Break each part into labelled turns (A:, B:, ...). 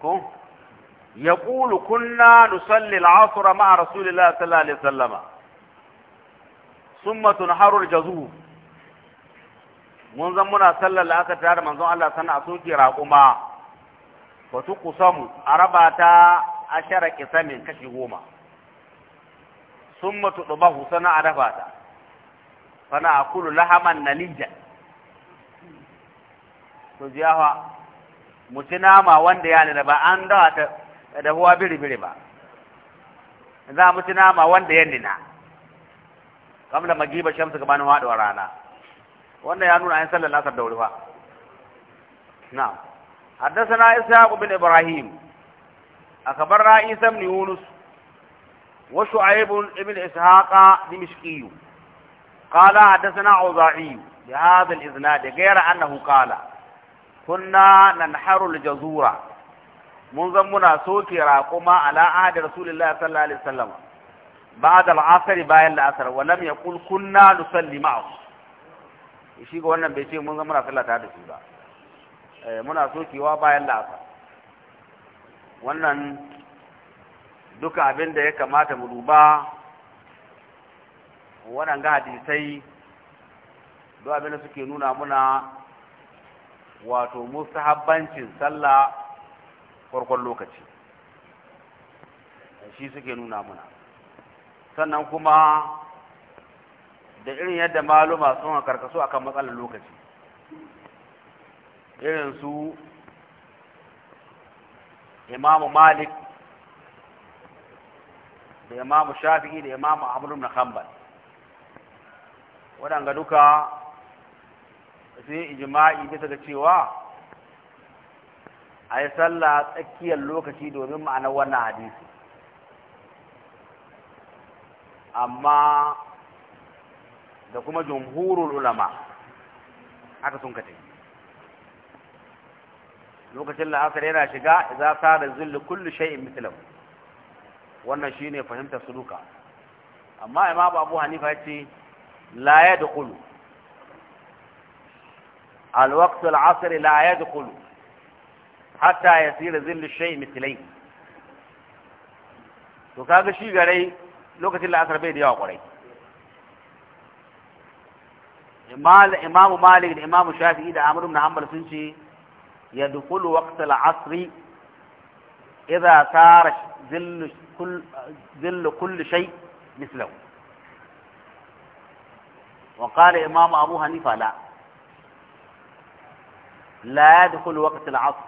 A: ko ya ƙulu kunna nusalli asura ma'a rasulillah sallallahu alaihi sallama summa tunharul jazu mun zan muna sallar aka tare manzon Allah sannan a soke raƙuma ba su kusamu a raba ta ashara kisamin kashi goma summa tuɗubahu sana a dafa ta a kulu lahaman nalija to jiyawa mu nama wanda ya nuna ba an da ta huwa biri-biri ba za mu nama wanda ya nuna kamar da magiba shamsu gabanin haɗuwa rana wanda ya nuna an sallar nasar da wuri fa na حدثنا إسحاق بن إبراهيم أخبرنا عيسى بن يونس وشعيب بن إسحاق دمشقي قال حدثنا عضاعي بهذا الإسناد غير أنه قال kunna nan harul jazura mun zan muna soke raƙuma ala ahadi rasulullahi sallallahu alaihi wasallam ba'da al-asr bayan al-asr wa lam yaqul kunna nusalli ma'a shi ga wannan bai ce mun zan muna sallata da su ba eh, muna sokewa bayan al-asr wannan duka abin da ya kamata mu duba ga hadisai duk abin da suke nuna muna wato mustahabbancin sallah farkon lokaci shi suke nuna muna sannan kuma da irin yadda maluma sun karkasu akan matsalar lokaci irin su imamu malik da imamu shafi'i da imamu ahmadu na hanbal waɗanga duka sai ijma'i bisa ga cewa a yi sallah tsakiyar lokaci domin ma'anar wannan hadisi amma da kuma jumhurul ulama haka sun kace lokacin la'asar yana shiga za ta da zulli kullu shay'in mithlahu wannan shine fahimtar suluka amma imam abu hanifa ce la yadkhulu الوقت العصر لا يدخل حتى يصير ظل الشيء مثليه to kaga shi gare lokacin la'asar bai da yawa kwarai imamu malik da imamu shafi'i da amur ibn hanbal sun ce ya dukulu waqt al-asr idza sara zillu kulli shay mislahu wa qala imamu abu hanifa la لا يدخل وقت العصر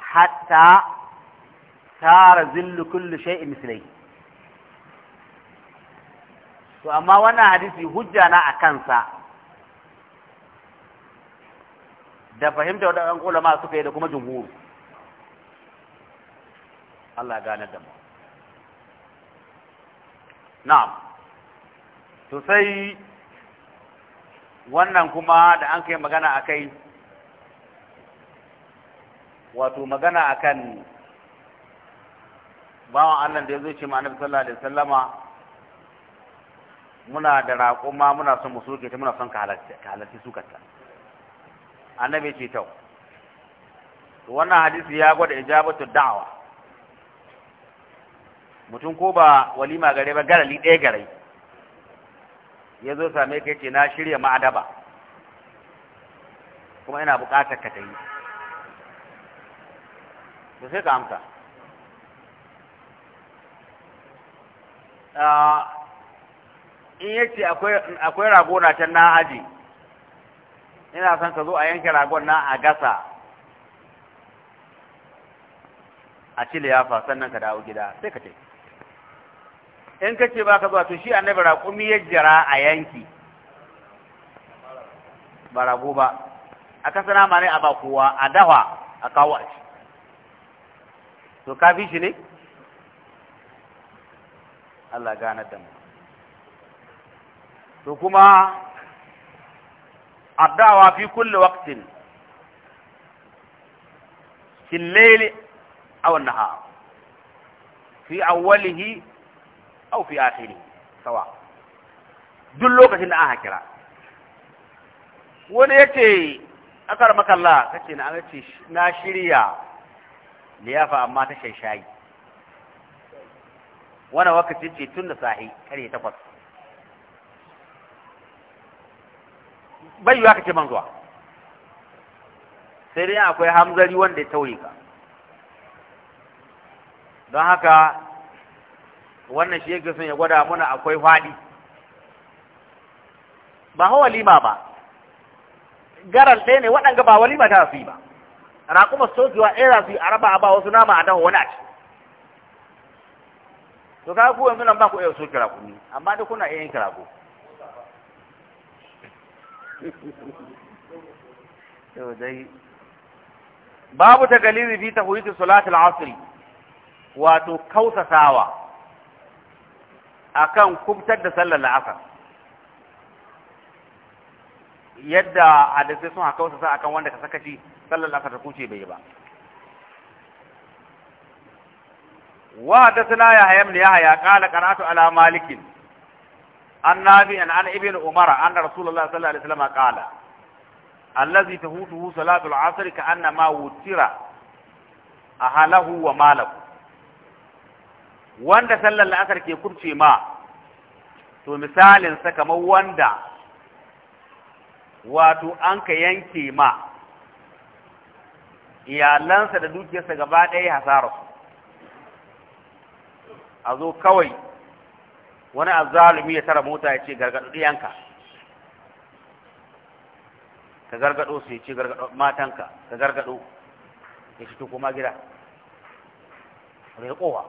A: حتى صار ذل كل شيء مثليه to amma wannan hadisi hujja na a kansa da fahimta waɗannan ulama suka yi da kuma jumhur Allah gane da mu na'am to sai wannan kuma da an kai magana akai wato magana akan bawan Allah da ya zo ce ma annabi sallallahu alaihi wasallama muna da raƙuma muna son mu ta muna son ka halarci sukarta annabi ce tau wannan hadisi ya gwada ijabatu da'wa mutum ko ba walima gare ba garali ɗaya gare ya zo same ka ce na shirya ma'adaba kuma ina buƙatar ka ta yi to sai ka amsa ah, in yace akwai rago na can na aji ina son ka zo a yanke ragon na a gasa a cile yafa sannan ka dawo gida sai ka ce in ka ce ba ka zuwa to shi annabi raƙumi ya jira a yanki ba rago ba a kasana ma ne a ba kowa a dawa a kawo a ci to kafin shi ne? Allah gane ta to kuma addawa fi kulle waktin cin lele a wannan ha fi walihi au fi akhiri sawa duk lokacin da aka kira wani yace akar makalla kake na ce na shirya liyafa amma ta shayi wani wakati ce tun da sahi kare takwas bai yiwa ka ce man zuwa sai dai akwai hamzari wanda ya tauye ka don haka wannan shi yake son ya gwada muna akwai faɗi ba hawa lima ba garal ɗaya ne waɗanga ba walima ta su yi ba kuma sokewa ɗaya za su yi a raba a ba wasu nama a dafa wani a ciki to kaga ku yanzu nan ba ku iya soke raƙumi amma duk kuna iya yin ku to dai babu ta galibi fi tahwiti salatul asr wato kausasawa akan kubtar da sallar la'asar yadda hadisai sun haka wasu akan wanda ka sakaci sallar la'asar ta kuce bai ba wa hadathana ya hayam ne ya haya qala qara'atu ala malik an nabi an an ibn umar anna rasulullah sallallahu alaihi wasallam qala allazi tahutuhu salatu al-asr ka anna ma wutira ahalahu wa malahu wanda sallar la'asar ke kurce ma to misalin sa kamar wanda wato an ka yanke ma iyalansa da dukiyarsa gaba ɗaya hasara su a zo kawai wani azalumi ya tara mota ya ce gargaɗo ɗiyanka ka gargaɗo su ya ce gargaɗo matanka ka gargaɗo ya ce kuma gida rai kowa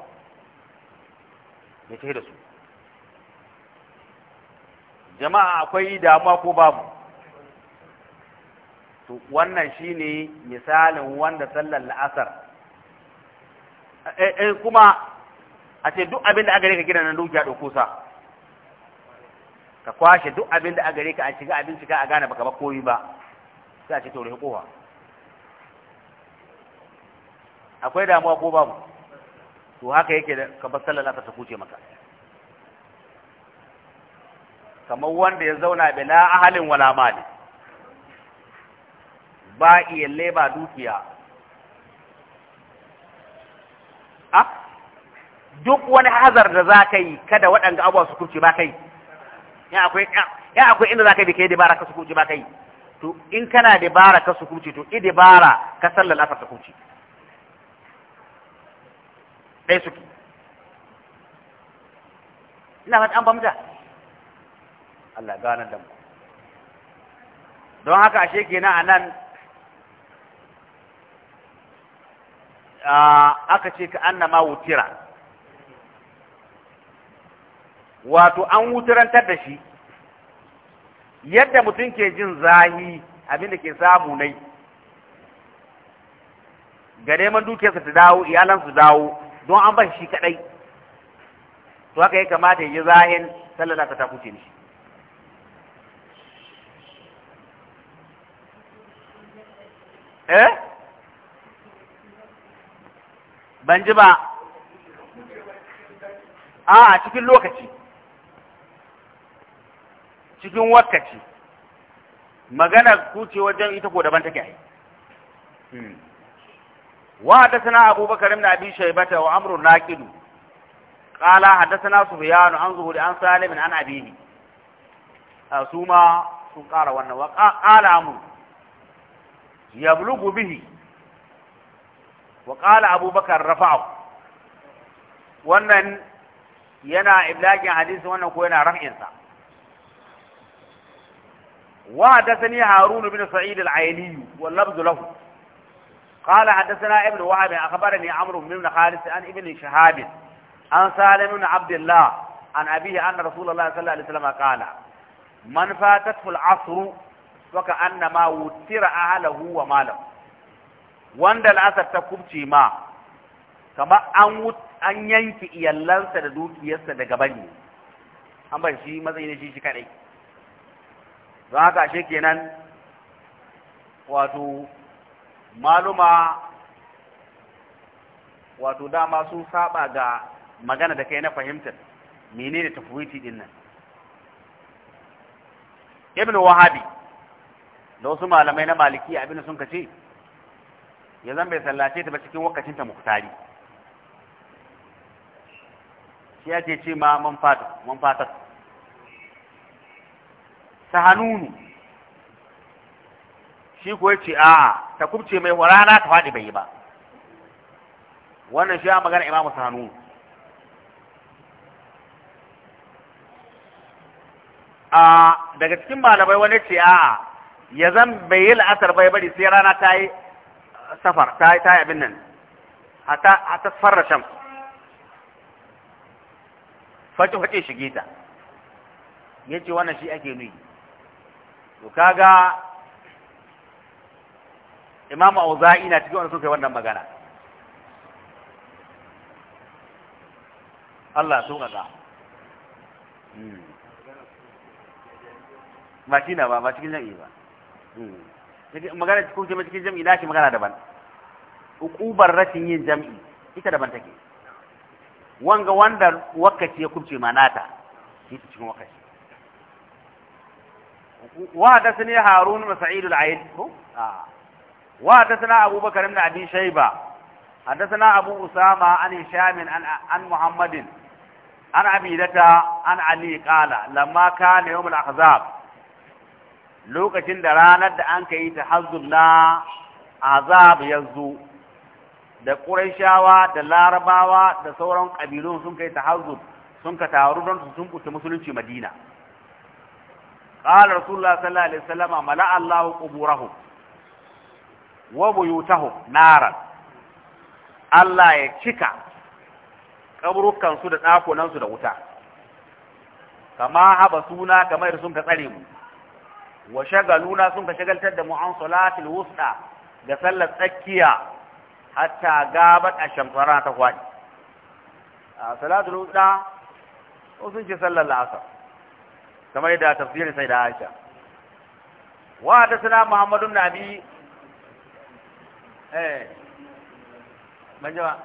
A: ya ce da su jama'a akwai damuwa ko babu to wannan shine misalin wanda sallar la'asar eh, eh kuma a ce duk abin da aka gare ka gidan nan dukiya dauko sa ka kwashe duk abin da aka gare ka a shiga abinci ka a gane baka ba koyi ba sai a ce to kowa akwai damuwa ko babu to haka yake da ka bar sallar la'asar ta kuce maka kamar wanda ya zauna bila ahalin wala mali ba iya leba dukiya a duk wani hazar da za ka yi kada waɗanda abuwa su kurce ba kai ya akwai inda za ka yi da ka yi dabara ka su kurce ba kai to in kana dabara ka su kurce to i dabara ka sallar lafar ta kurce ɗaya suke ina fata an bamta Allah gane da mu don haka ashe kenan anan aka ce ka annama wutira wato an wutirantar da shi yadda mutum ke jin zahi abinda ke samu nai ga neman dukiyarsa ta dawo iyalansu dawo don an ba shi kaɗai, to haka ya kamata yi zahin sallala ka kuce shi eh ban ji ba a cikin lokaci cikin wakaci maganar kuce wajen ita ko daban take ai hmm. wa hadathana Abu Bakar ibn Abi Shaybah wa Amr Naqid qala hadathana Sufyan an zuhuri an Salim an Abihi suma sun kara wannan wa qala Amr yablugu bihi wa qala abubakar rafa'u wannan yana iblagin hadisi wannan ko yana raf'in sa wa hadathani harun bin sa'id al-ayli wal lafz lahu قال حدثنا ابن وهب اخبرني عمرو بن خالد عن ابن شهاب عن سالم بن عبد الله عن أبيه أن رسول الله صلى الله عليه وسلم قال من فاتته العصر وكأنما وتر أهله وماله wanda la'asar ta kubce ma kamar an an yanki iyallansa da dukiyarsa daga bane an ban shi matsayi ne shi shi kadai don haka ashe kenan wato maluma wato dama sun saba ga magana da kai na fahimtar menene tafwiti din nan ibn wahabi da wasu malamai na maliki abin sun kace ya zan bai sallace ta ba cikin wakacin ta muktari shi ake ce ma man fata man hannu ne. shi kuwa ce a ta kubce mai warana ta faɗi bai yi ba wannan shi ya magana imamu hannu. a daga cikin malamai wani ce a ya zan bai yi la'asar bai bari sai rana ta yi safar ta yi tayi abin nan a ta fara sham faƙi faƙi shige ta ya ce wannan shi ake nuni to kaga imamu auza'i na cikin wannan sun wannan magana Allah sun ga hmm. ba shi na ba ba cikin jam'i ba hmm. magana cikin jam'i na shi magana daban hukubar rashin yin jam'i ita daban take wanga wanda wakaci ya kubce ma nata cikin wakaci wa hadathani harun masaid al-aid ko a wa hadathana abubakar ibn abi shayba hadathana abu usama an hisham an an muhammadin an abidata an ali qala lamma kana yawm lokacin da ranar da ankayi ta tahazzul na azab yanzu da ƙuraishawa da larabawa da sauran ƙabilun sun kai tahazzub sun ka taru don su sun musulunci madina qala rasulullah sallallahu alaihi wasallam mala allah quburahum wa buyutahum naran allah ya cika kaburukan su da dakunan su da wuta kama haba suna kamar sun ka tsare mu wa shagaluna sun ka shagaltar da mu an salatul wusta sallar tsakiya hatta gabar a shamfara ta kwaɗi a salatul ko sun ce sallar la'asar kamar yadda tafsiri sai da aisha wa ta muhammadu muhammadun nabi eh manjawa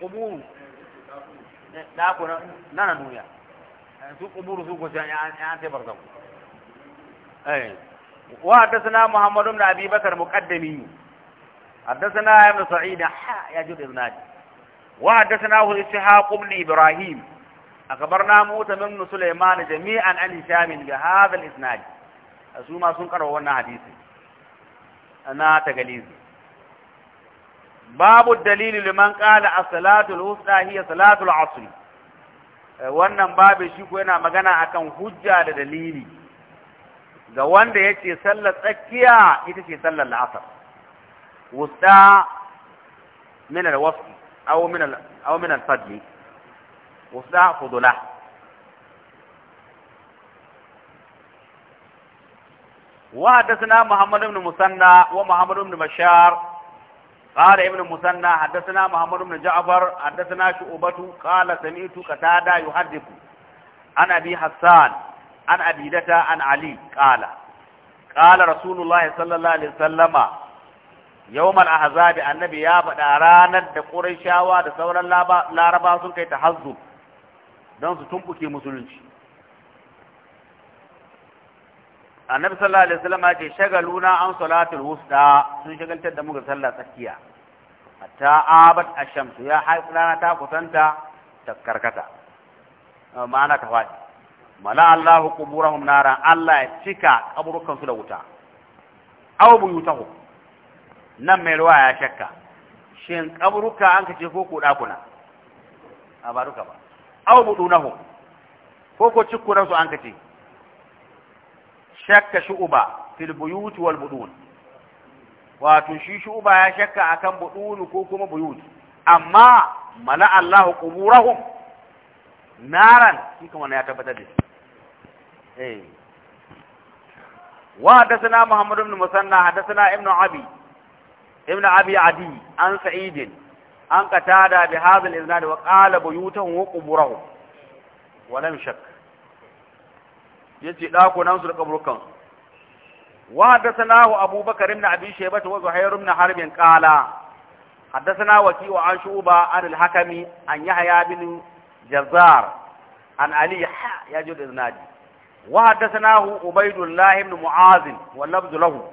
A: quburu da na na duniya su quburu su ko an eh وحدثنا محمد بن أبي بكر مقدمي حدثنا ابن سعيد يا جود إذناد وحدثناه إسحاق بن إبراهيم أخبرنا موسى بن سليمان جميعا عن هشام بهذا الإسناد أسوما سنكر وانا حديثي أنا تقليزي باب الدليل لمن قال الصلاة الوسطى هي صلاة العصر wannan babu shi ko yana magana akan hujja da dalili ga wanda ya ce sallar tsakiya ita ce sallar la'asar wusta min alwasfi aw min al wusta fudula وحدثنا محمد بن مسنى ومحمد بن بشار قال ابن مسنى حدثنا محمد بن جعفر حدثنا شعبة قال سمعت قتادة يحدث عن أبي حسان an abidata an ali ƙala, ƙala rasulullahi sallallahu alaihi wasallama yawmal ahzabi annabi ya faɗa ranar da qurayshawa da sauran laraba sun kai tahazzu don su tumbuke musulunci annabi sallallahu alaihi wasallam ya ce shagaluna an salatul wusta sun shagaltar da mu ga sallah tsakiya hatta abad Ashamsu ya haifi haifana ta kusanta ta karkata ma'ana ta fadi mala Allahu quburahum nara Allah ya cika kaburukan su da wuta aw buyutahum nan mai ruwa ya shakka shin kaburuka an kace ko ko dakuna a baruka ba aw budunahum ko ko cikkuran su an kace shakka shu'uba fil buyut wal budun wato shi shu'uba ya shakka akan budun ko kuma buyut amma mala Allahu quburahum naran shi kuma ya tabbatar da shi wa hadathana muhammad ibn musanna hadathana ibnu abi ibnu abi adi an sa'id an qatada bi hadhal iznad wa qala buyutuhum wa quburuhum wa da kaburkan wa hadathana abu ibn abi shaybah wa zuhair ibn harb an qala hadathana wa ki ashuba an al hakami an yahya jazar an ali ya jud iznadi وحدثناه عبيد الله بن معاذ واللفظ له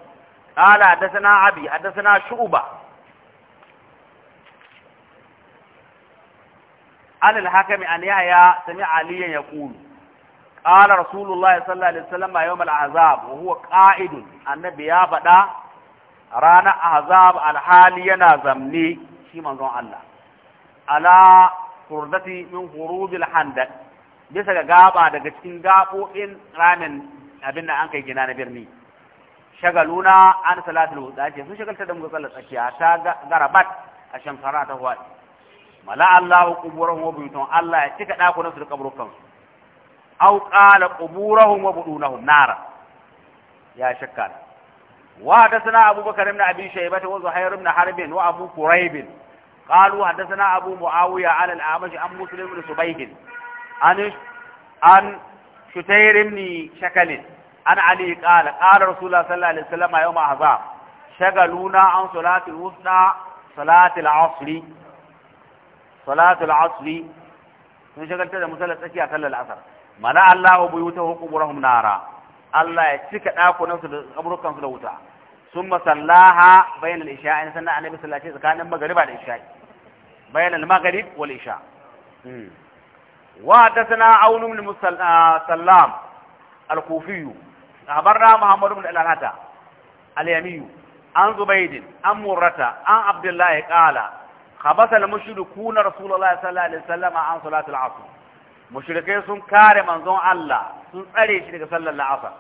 A: قال حدثنا أبي حدثنا شعبة عن الحكم أن يحيى سمع عليا يقول قال رسول الله صلى الله عليه وسلم يوم العذاب وهو قائد النبي يا بدا رانا عذاب الحال ينا زمني شي منظور الله على فردتي من فروض الحندق bisa ga gaba daga cikin gaɓoɓin ramin abin da an kai gina na birni shagaluna an salatul wusta ce sun shagalta da mutsalar tsakiya ta garabat a shamsara ta huwa mala Allah quburahum wa buyutun Allah ya cika dakunan su da kaburukan su aw qala quburahum wa budunahum nara ya shakka wa hadathana Abu Bakar ibn Abi Shaybah wa Zuhair ibn Harb wa Abu Quraib قالوا حدثنا أبو معاوية على الأعمش عن مسلم بن سبيح an shutayr ibn shakal an ali qala qala rasulullah sallallahu alaihi wasallam yawm ahzab shagaluna an salati al-wusta salati al-asr salati al-asr sun shagalta da musallar tsakiya sallar al-asr mana Allah buyutahu quburahum nara Allah ya cika dakunansu da kaburukansu da wuta sun masallaha bayan al-isha'i sannan annabi sallace tsakanin magariba da isha'i bayan al-maghrib isha' وحدثنا عون بن سلام الكوفي أخبرنا محمد بن الألهة اليمي عن زبيد عن مرة عن عبد الله قال خبث المشركون رسول الله صلى الله عليه وسلم عن صلاة العصر mushrikai sun kare manzon Allah sun tsare shi daga sallar la'asar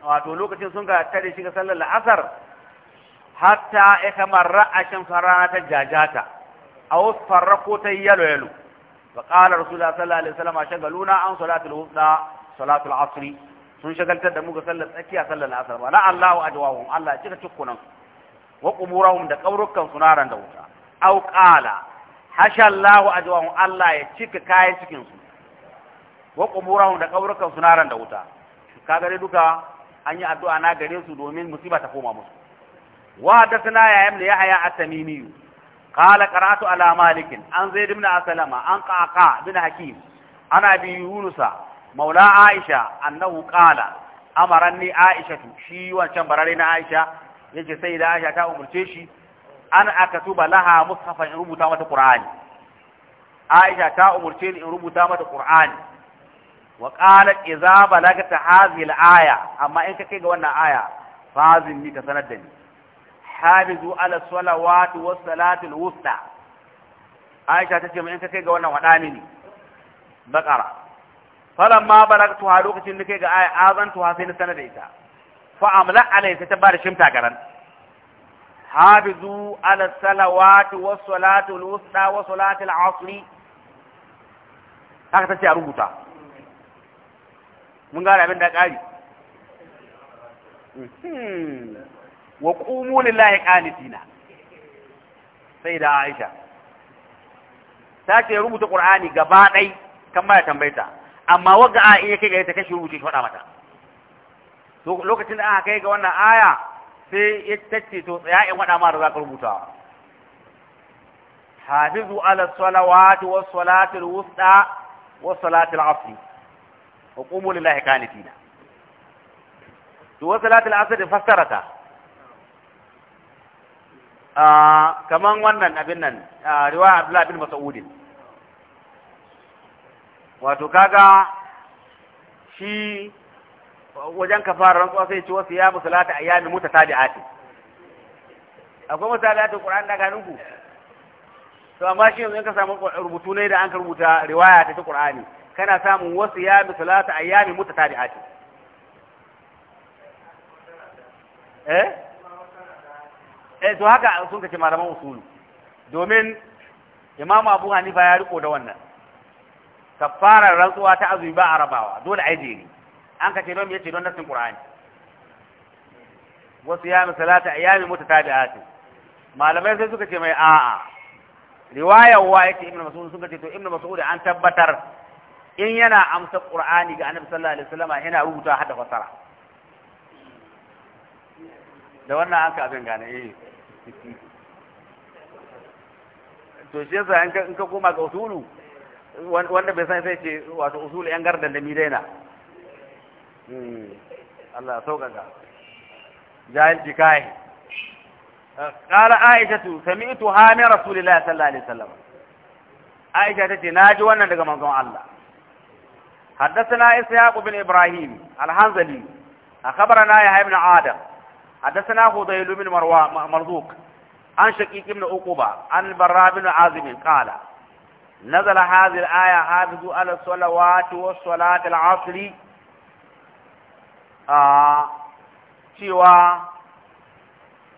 A: wato lokacin sun ga tare shi daga sallar la'asar hatta ya kamar ra'ashin rana ta jajata a wasu farrako ta yalo yalo فقال رسول الله صلى الله عليه وسلم شغلونا عن صلاة الوسطى صلاة العصر sun shagaltar da muka sallar tsakiya sallar asar ba la Allahu ajwahum Allah ya cika cikunan wa quburahum da kaurukan su naran da wuta au qala hasha Allahu ajwahum Allah ya cika kayan cikin su wa quburahum da kaurukan su naran da wuta ka gare duka an yi addu'a na gare su domin musiba ta koma musu wa hadathana ya ibn yahya at-tamimi قال قرات على مالك عن زيد بن اسلم عن قعقاع بن حكيم عن أبي يونس مولى عائشه انه قال امرني عائشه شي وان وانشان عائشه يجي عائشه تا امرتي شي انا اكتب لها مصحفا مت قران عائشه تا امرتي ان ربطا مت قران وقالت اذا بلغت هذه الآية أما إنك كيغ وانا آية فازم لي تسندني hafizu ala salawati was salatil wusta Aisha tace mu in ka kai ga wannan wada mini Baqara ma balagtu ha lokacin da kai ga aya azantu ha sai na sanar da ita fa amla alai sai ta bada shimta garan hafizu ala salawati was salatil wusta was salatil asri haka tace a rubuta mun ga abin da kari wa qumu lillahi qanitina sai da Aisha ta ce rubuta Qur'ani gaba ɗai kan ba tambayta amma waga a iya kai ta kashi rubuce shi faɗa mata to lokacin da aka kai ga wannan aya sai ya tace to ya in faɗa ma da za ka rubuta hafizu ala salawati was salatul wusta was salatil asri wa qumu lillahi qanitina to was salatil asri fassarata Ah, kaman wannan abin nan ah, riwaya Abdullah bin Mas'ud wato kaga shi wajen kafara rantsuwa sai ce wasu ya musalata ayyami mutatabi'ati akwai mutatabi'atin Qur'an da ganin ku to amma shi yanzu in ka samu rubutu ne da an ka rubuta riwaya ta Qur'ani kana samun wasu ya musalata ayyami mutatabi'ati eh eh to haka sun kace malaman usulu domin imamu abu hanifa ya riko da wannan kafarar rantsuwa ta azumi ba arabawa dole ai jeri an kace don yace don nasin qur'ani wasu ya misalata ayyami mutatabi'atin malamai sai suka ce mai a'a riwaya wa yake ibnu mas'ud suka ce to ibnu mas'ud an tabbatar in yana amsa qur'ani ga annabi sallallahu alaihi wasallam yana rubuta hada fasara da wannan an ka abin gane eh ciki to shi yasa in ka koma ga usulu wanda bai san sai ce wato usulu yan gardan da mi daina hmm. Allah sauƙaƙa jahilci kai ƙara aisha tu sallallahu alaihi wasallam aisha ta ce na ji wannan daga manzon Allah حدثنا إسحاق بن إبراهيم الحنزلي أخبرنا يحيى بن Adam. حدثنا هذيل بن مروان مرزوق عن شقيق بن عقبة عن البراء بن عازم قال نزل هذه الآية حافظوا على الصلوات والصلاة العصر آه سوى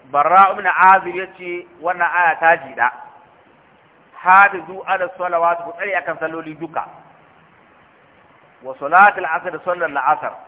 A: براء بن عازم يتي وانا آية تاجدة حافظوا على الصلوات وطريقا صلوا لي دكا وصلاة العصر صلى العصر